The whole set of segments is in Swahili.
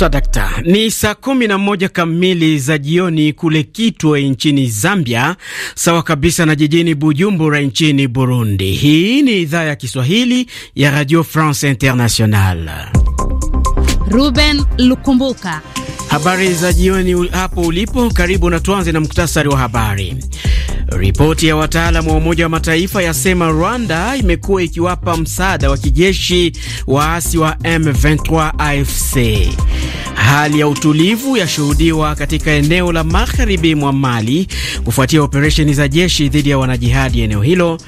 Sadakta. Ni saa kumi na moja kamili za jioni kule Kitwe nchini Zambia, sawa kabisa na jijini Bujumbura nchini Burundi. Hii ni idhaa ya Kiswahili ya Radio France International. Ruben Lukumbuka, habari za jioni hapo ulipo. Karibu na tuanze na muktasari wa habari. Ripoti ya wataalam wa Umoja wa Mataifa yasema Rwanda imekuwa ikiwapa msaada wa kijeshi waasi wa M23 AFC. Hali ya utulivu yashuhudiwa katika eneo la magharibi mwa Mali kufuatia operesheni za jeshi dhidi ya wanajihadi eneo hilo.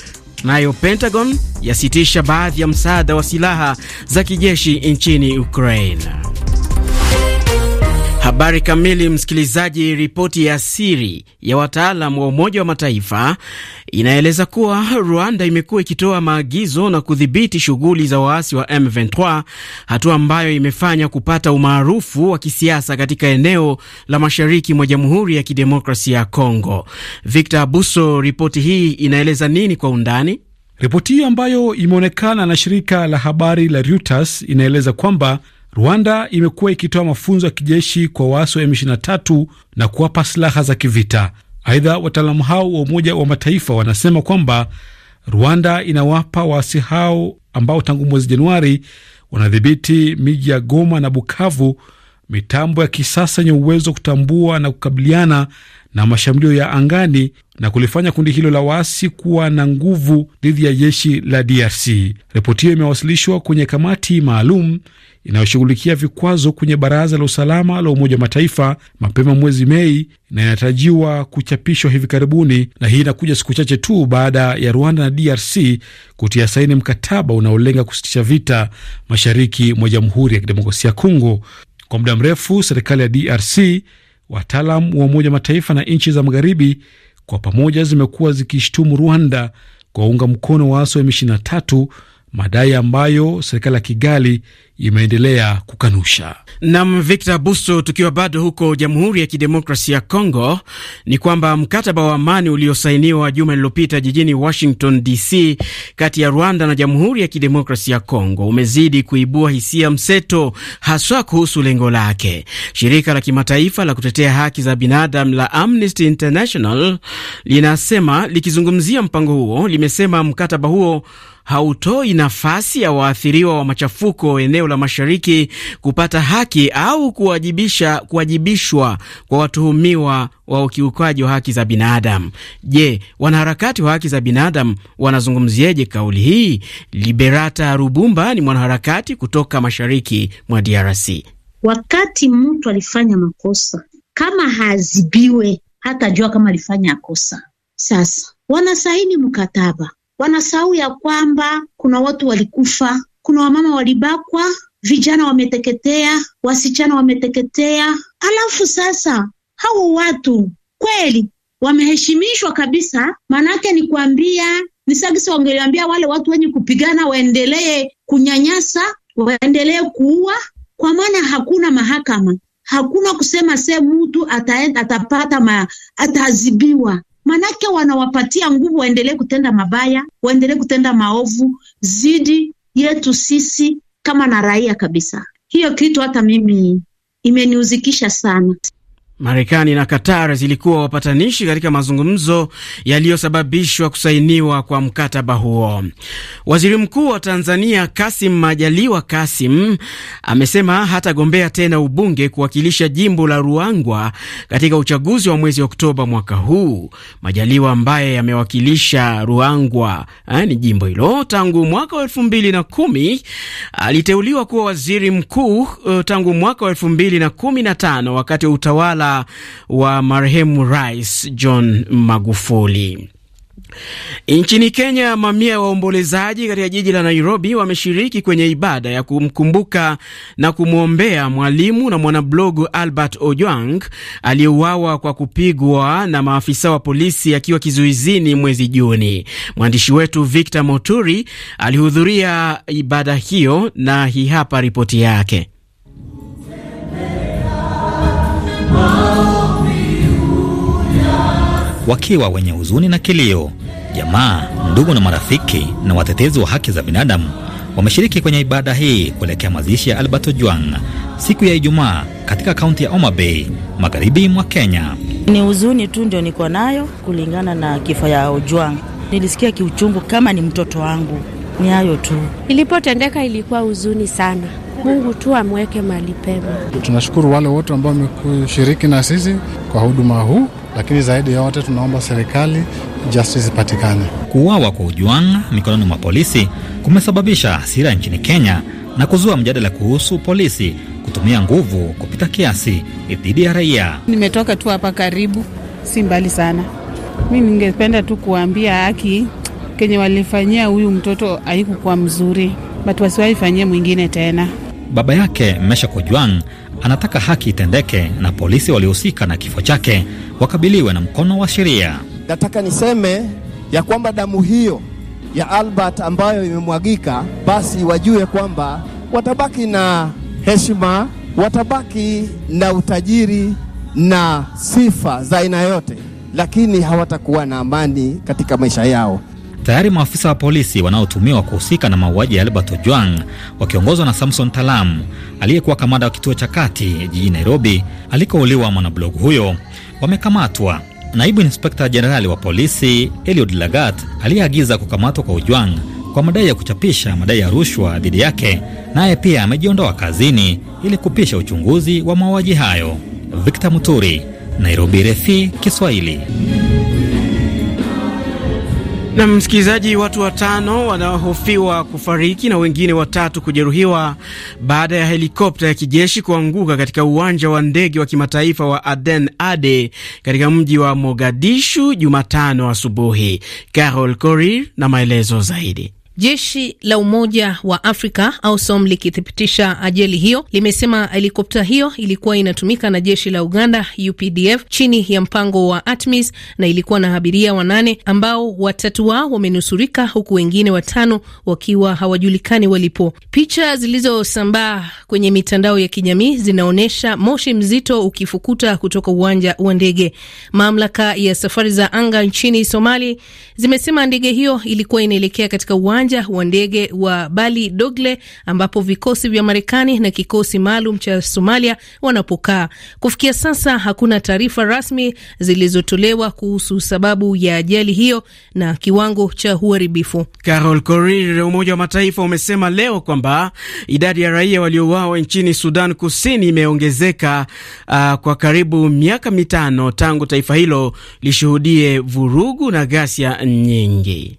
Nayo Pentagon yasitisha baadhi ya msaada wa silaha za kijeshi nchini Ukraine. Habari kamili, msikilizaji. Ripoti ya siri ya wataalam wa Umoja wa Mataifa inaeleza kuwa Rwanda imekuwa ikitoa maagizo na kudhibiti shughuli za waasi wa M23, hatua ambayo imefanya kupata umaarufu wa kisiasa katika eneo la mashariki mwa Jamhuri ya Kidemokrasia ya Kongo. Victor Abuso, ripoti hii inaeleza nini kwa undani? Ripoti hiyo ambayo imeonekana na shirika la habari la Reuters inaeleza kwamba Rwanda imekuwa ikitoa mafunzo ya kijeshi kwa waasi wa M23 na kuwapa silaha za kivita. Aidha, wataalamu hao wa Umoja wa Mataifa wanasema kwamba Rwanda inawapa waasi hao ambao tangu mwezi Januari wanadhibiti miji ya Goma na Bukavu mitambo ya kisasa yenye uwezo wa kutambua na kukabiliana na mashambulio ya angani na kulifanya kundi hilo la waasi kuwa na nguvu dhidi ya jeshi la DRC. Ripoti hiyo imewasilishwa kwenye kamati maalum inayoshughulikia vikwazo kwenye Baraza la Usalama la Umoja wa Mataifa mapema mwezi Mei na inatarajiwa kuchapishwa hivi karibuni, na hii inakuja siku chache tu baada ya Rwanda na DRC kutia saini mkataba unaolenga kusitisha vita mashariki mwa Jamhuri ya Kidemokrasia ya Kongo. Kwa muda mrefu serikali ya DRC Wataalam wa Umoja Mataifa na nchi za magharibi kwa pamoja zimekuwa zikishtumu Rwanda kwa unga mkono waasi wa M23 madai ambayo serikali ya Kigali imeendelea kukanusha. Nam Victor Buso, tukiwa bado huko Jamhuri ya Kidemokrasia ya congo ni kwamba mkataba wa amani uliosainiwa juma lililopita jijini Washington DC kati ya Rwanda na Jamhuri ya Kidemokrasia ya congo umezidi kuibua hisia mseto, haswa kuhusu lengo lake. Shirika la kimataifa la kutetea haki za binadamu la Amnesty International linasema likizungumzia mpango huo, limesema mkataba huo hautoi nafasi ya waathiriwa wa machafuko eneo la mashariki kupata haki au kuwajibisha kuwajibishwa kwa watuhumiwa wa ukiukaji wa haki za binadamu. Je, wanaharakati wa haki za binadamu wanazungumzieje kauli hii? Liberata Rubumba ni mwanaharakati kutoka mashariki mwa DRC. Wakati mtu alifanya makosa, kama haazibiwe hata jua kama alifanya kosa. Sasa wanasaini mkataba wanasahau ya kwamba kuna watu walikufa, kuna wamama walibakwa, vijana wameteketea, wasichana wameteketea. Alafu sasa hao watu kweli wameheshimishwa kabisa? Maanake ni kuambia ni sagisa, wangeliambia wale watu wenye kupigana waendelee kunyanyasa, waendelee kuua, kwa maana hakuna mahakama, hakuna kusema se mtu atapata ma, ataadhibiwa manake wanawapatia nguvu waendelee kutenda mabaya, waendelee kutenda maovu zidi yetu sisi kama na raia kabisa. Hiyo kitu hata mimi imeniuzikisha sana. Marekani na Qatar zilikuwa wapatanishi katika mazungumzo yaliyosababishwa kusainiwa kwa mkataba huo. Waziri Mkuu wa Tanzania Kasim Majaliwa Kasim amesema hatagombea tena ubunge kuwakilisha jimbo la Ruangwa katika uchaguzi wa mwezi Oktoba mwaka huu. Majaliwa ambaye amewakilisha Ruangwa, eh, ni jimbo hilo tangu mwaka wa elfu mbili na kumi, aliteuliwa kuwa waziri mkuu eh, tangu mwaka wa elfu mbili na kumi na tano wakati wa utawala wa marehemu Rais John Magufuli. Nchini Kenya, mamia ya waombolezaji katika jiji la Nairobi wameshiriki kwenye ibada ya kumkumbuka na kumwombea mwalimu na mwanablogu Albert Ojwang aliyeuawa kwa kupigwa na maafisa wa polisi akiwa kizuizini mwezi Juni. Mwandishi wetu Victor Moturi alihudhuria ibada hiyo na hii hapa ripoti yake. wakiwa wenye huzuni na kilio. Jamaa, ndugu na marafiki na watetezi wa haki za binadamu wameshiriki kwenye ibada hii kuelekea mazishi ya Albert Ojwang siku ya Ijumaa katika kaunti ya Homa Bay, magharibi mwa Kenya. Ni huzuni tu ndio niko nayo kulingana na kifo ya Ojwang. Nilisikia kiuchungu kama ni mtoto wangu. Ni hayo tu. Ilipotendeka ilikuwa huzuni sana Mungu tu amweke mali pema. Tunashukuru wale wote ambao wamekushiriki na sisi kwa huduma huu, lakini zaidi ya wote tunaomba serikali justice ipatikane. Kuuawa kwa Ojwang mikononi mwa polisi kumesababisha hasira nchini Kenya na kuzua mjadala kuhusu polisi kutumia nguvu kupita kiasi dhidi ya raia. Nimetoka tu hapa karibu, si mbali sana. Mi ningependa tu kuambia haki kenye walifanyia huyu mtoto haikukuwa mzuri, but wasiwaifanyie mwingine tena. Baba yake Meshack Ojwang anataka haki itendeke na polisi waliohusika na kifo chake wakabiliwe na mkono wa sheria. Nataka niseme ya kwamba damu hiyo ya Albert ambayo imemwagika, basi wajue kwamba watabaki na heshima, watabaki na utajiri na sifa za aina yote, lakini hawatakuwa na amani katika maisha yao. Tayari maafisa wa polisi wanaotumiwa kuhusika na mauaji ya Albert Ojwang wakiongozwa na Samson Talam aliyekuwa kamanda wa kituo cha kati jijini Nairobi alikouliwa mwanablogu huyo wamekamatwa. Naibu inspekta jenerali wa polisi Eliud Lagat aliyeagiza kukamatwa kwa Ojwang kwa madai ya kuchapisha madai ya rushwa dhidi yake, naye pia amejiondoa kazini ili kupisha uchunguzi wa mauaji hayo. Victor Muturi, Nairobi, RFI Kiswahili. Na msikilizaji, watu watano wanaohofiwa kufariki na wengine watatu kujeruhiwa baada ya helikopta ya kijeshi kuanguka katika uwanja wa ndege wa kimataifa wa Aden Ade katika mji wa Mogadishu Jumatano asubuhi. Carol Korir na maelezo zaidi. Jeshi la Umoja wa Afrika AUSOM likithibitisha ajali hiyo limesema helikopta hiyo ilikuwa inatumika na jeshi la Uganda UPDF chini ya mpango wa ATMIS na ilikuwa na abiria wanane ambao watatu wao wamenusurika huku wengine watano wakiwa hawajulikani walipo. Picha zilizosambaa kwenye mitandao ya kijamii zinaonyesha moshi mzito ukifukuta kutoka uwanja wa ndege. Mamlaka ya safari za anga nchini Somali zimesema ndege hiyo ilikuwa inaelekea katika uwanja uwanja wa ndege wa Bali Dogle ambapo vikosi vya Marekani na kikosi maalum cha Somalia wanapokaa. Kufikia sasa hakuna taarifa rasmi zilizotolewa kuhusu sababu ya ajali hiyo na kiwango cha uharibifu. Carol Korir, Umoja wa Mataifa umesema leo kwamba idadi ya raia waliouawa nchini Sudan Kusini imeongezeka uh, kwa karibu miaka mitano tangu taifa hilo lishuhudie vurugu na ghasia nyingi.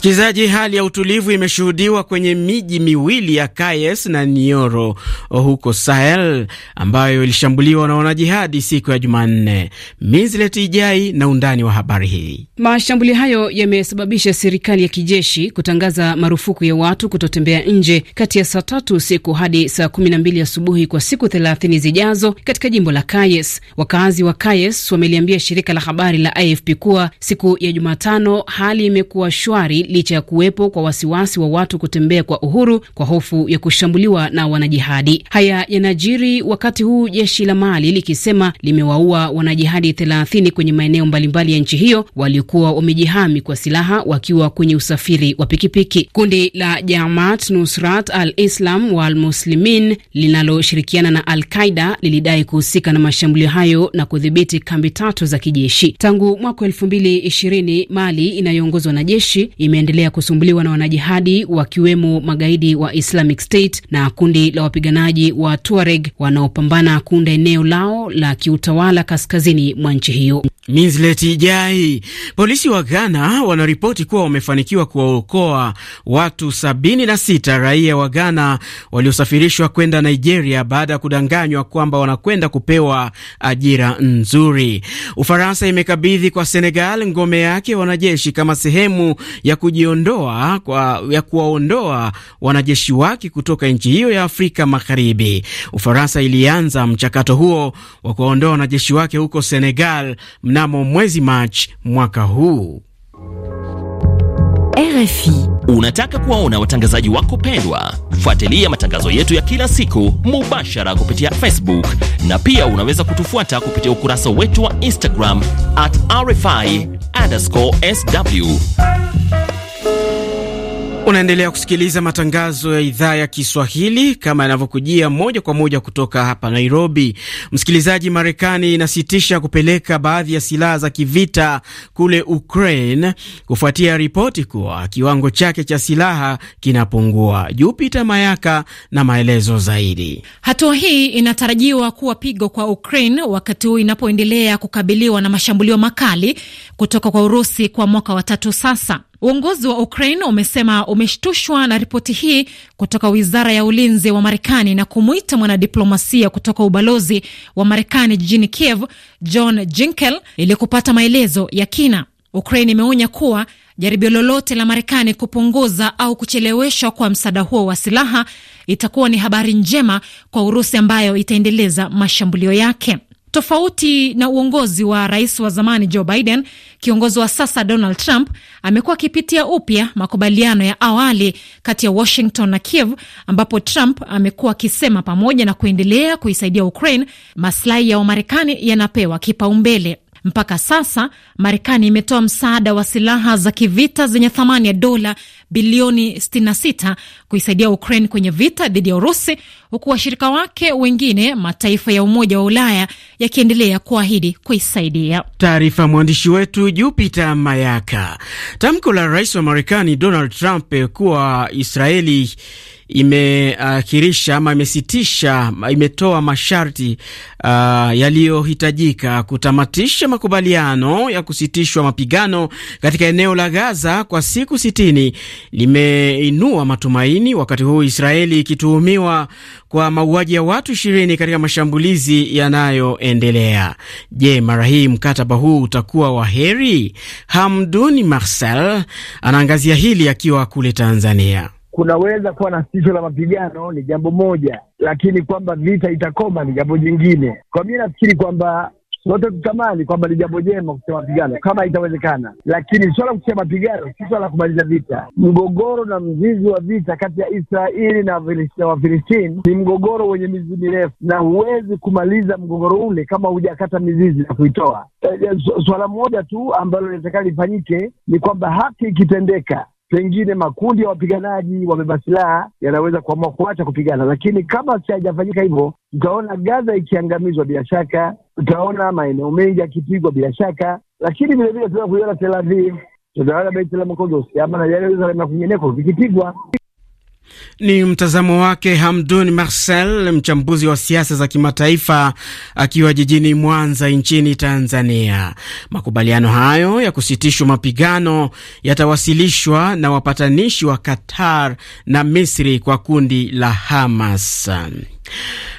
Msikilizaji, hali ya utulivu imeshuhudiwa kwenye miji miwili ya Kayes na Nioro huko Sahel ambayo ilishambuliwa na wanajihadi siku ya Jumanne. Minzlet Ijai na undani wa habari hii. Mashambulio hayo yamesababisha serikali ya kijeshi kutangaza marufuku ya watu kutotembea nje kati ya saa tatu usiku hadi saa kumi na mbili asubuhi kwa siku thelathini zijazo katika jimbo la Kayes. Wakazi wa Kayes wameliambia shirika la habari la AFP kuwa siku ya Jumatano hali imekuwa shwari licha ya kuwepo kwa wasiwasi wa watu kutembea kwa uhuru kwa hofu ya kushambuliwa na wanajihadi. Haya yanajiri wakati huu jeshi la Mali likisema limewaua wanajihadi 30 kwenye maeneo mbalimbali ya nchi hiyo waliokuwa wamejihami kwa silaha wakiwa kwenye usafiri wa pikipiki. Kundi la Jamaat Nusrat al-Islam wal Muslimin linaloshirikiana na Al-Qaida lilidai kuhusika na mashambulio hayo na kudhibiti kambi tatu za kijeshi tangu mwaka 2020. Mali inayoongozwa na jeshi ime imeendelea kusumbuliwa na wanajihadi wakiwemo magaidi wa Islamic State na kundi la wapiganaji wa Tuareg wanaopambana kuunda eneo lao la kiutawala kaskazini mwa nchi hiyo. Minzleti Jai. Polisi wa Ghana wanaripoti kuwa wamefanikiwa kuwaokoa watu 76 raia wa Ghana waliosafirishwa kwenda Nigeria baada ya kudanganywa kwamba wanakwenda kupewa ajira nzuri. Ufaransa imekabidhi kwa Senegal ngome yake wanajeshi kama sehemu ya ku kujiondoa kwa, ya kuwaondoa wanajeshi wake kutoka nchi hiyo ya Afrika Magharibi. Ufaransa ilianza mchakato huo wa kuwaondoa wanajeshi wake huko Senegal mnamo mwezi Machi mwaka huu. RFI. Unataka kuwaona watangazaji wako pendwa? Fuatilia matangazo yetu ya kila siku mubashara kupitia Facebook na pia unaweza kutufuata kupitia ukurasa wetu wa Instagram at RFI_SW. Unaendelea kusikiliza matangazo ya idhaa ya Kiswahili kama yanavyokujia moja kwa moja kutoka hapa Nairobi. Msikilizaji, Marekani inasitisha kupeleka baadhi ya silaha za kivita kule Ukraine kufuatia ripoti kuwa kiwango chake cha silaha kinapungua. Jupita Mayaka na maelezo zaidi. Hatua hii inatarajiwa kuwa pigo kwa Ukraine wakati huu inapoendelea kukabiliwa na mashambulio makali kutoka kwa Urusi kwa mwaka watatu sasa. Uongozi wa Ukraine umesema umeshtushwa na ripoti hii kutoka wizara ya ulinzi wa Marekani na kumwita mwanadiplomasia kutoka ubalozi wa Marekani jijini Kiev, John Jinkel, ili kupata maelezo ya kina. Ukraine imeonya kuwa jaribio lolote la Marekani kupunguza au kucheleweshwa kwa msaada huo wa silaha itakuwa ni habari njema kwa Urusi ambayo itaendeleza mashambulio yake. Tofauti na uongozi wa rais wa zamani Joe Biden, kiongozi wa sasa Donald Trump amekuwa akipitia upya makubaliano ya awali kati ya Washington na Kiev, ambapo Trump amekuwa akisema pamoja na kuendelea kuisaidia Ukraine, maslahi ya Wamarekani yanapewa kipaumbele. Mpaka sasa Marekani imetoa msaada wa silaha za kivita zenye thamani ya dola bilioni 66 kuisaidia Ukraine kwenye vita dhidi ya Urusi, huku washirika wake wengine mataifa ya Umoja wa Ulaya yakiendelea kuahidi kuisaidia. Taarifa mwandishi wetu Jupiter Mayaka. Tamko la rais wa Marekani Donald Trump kuwa Israeli imeakirisha ama imesitisha, imetoa masharti uh, yaliyohitajika kutamatisha makubaliano ya kusitishwa mapigano katika eneo la Gaza kwa siku sitini, limeinua matumaini wakati huu Israeli ikituhumiwa kwa mauaji ya watu ishirini katika mashambulizi yanayoendelea. Je, mara hii mkataba huu utakuwa wa heri? Hamduni Marcel anaangazia hili akiwa kule Tanzania kunaweza kuwa na sitisho la mapigano ni jambo moja, lakini kwamba vita itakoma ni jambo jingine. Kwa mi nafikiri kwamba sote tutamani kwamba ni jambo jema kusema mapigano kama itawezekana, lakini swala la mapigano si swala la kumaliza vita. Mgogoro na mzizi wa vita kati ya Israeli na Wafilistini ni mgogoro wenye mizizi mirefu, na huwezi kumaliza mgogoro ule kama hujakata mizizi na kuitoa. Eh, eh, swala moja tu ambalo linatakiwa lifanyike ni kwamba haki ikitendeka pengine makundi ya wapiganaji wamebeba silaha yanaweza kuamua kuacha kupigana, lakini kama haijafanyika hivyo, tutaona Gaza ikiangamizwa bila shaka, tutaona maeneo mengi yakipigwa bila shaka, lakini vilevile tunaweza kuiona Tel Aviv, tutaona Beit el ama na na kwingineko vikipigwa. Ni mtazamo wake Hamdun Marcel, mchambuzi wa siasa za kimataifa akiwa jijini Mwanza nchini Tanzania. Makubaliano hayo ya kusitishwa mapigano yatawasilishwa na wapatanishi wa Qatar na Misri kwa kundi la Hamas.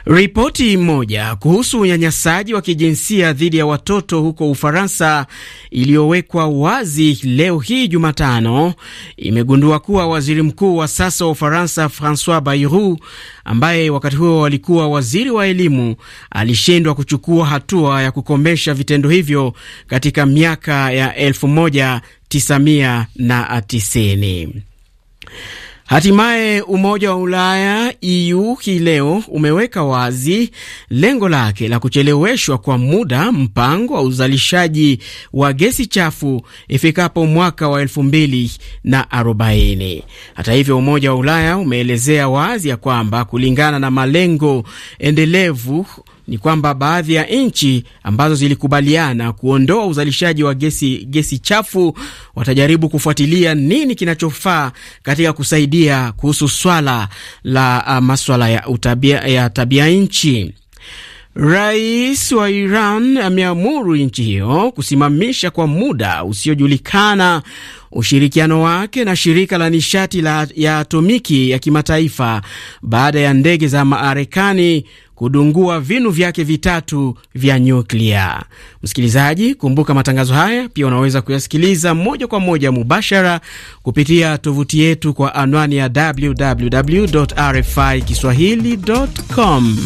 Ripoti moja kuhusu unyanyasaji wa kijinsia dhidi ya watoto huko Ufaransa iliyowekwa wazi leo hii Jumatano imegundua kuwa waziri mkuu wa sasa wa Ufaransa Francois Bayrou, ambaye wakati huo alikuwa waziri wa elimu, alishindwa kuchukua hatua ya kukomesha vitendo hivyo katika miaka ya 1990. Hatimaye Umoja wa Ulaya EU hii leo umeweka wazi lengo lake la kucheleweshwa kwa muda mpango wa uzalishaji wa gesi chafu ifikapo mwaka wa elfu mbili na arobaini. Hata hivyo, Umoja wa Ulaya umeelezea wazi ya kwamba kulingana na malengo endelevu ni kwamba baadhi ya nchi ambazo zilikubaliana kuondoa uzalishaji wa gesi, gesi chafu watajaribu kufuatilia nini kinachofaa katika kusaidia kuhusu swala la uh, maswala ya, utabia, ya tabia nchi. Rais wa Iran ameamuru nchi hiyo kusimamisha kwa muda usiojulikana ushirikiano wake na shirika la nishati la ya atomiki ya kimataifa baada ya ndege za Marekani kudungua vinu vyake vitatu vya nyuklia. Msikilizaji, kumbuka matangazo haya pia unaweza kuyasikiliza moja kwa moja mubashara kupitia tovuti yetu kwa anwani ya www rfi kiswahili.com.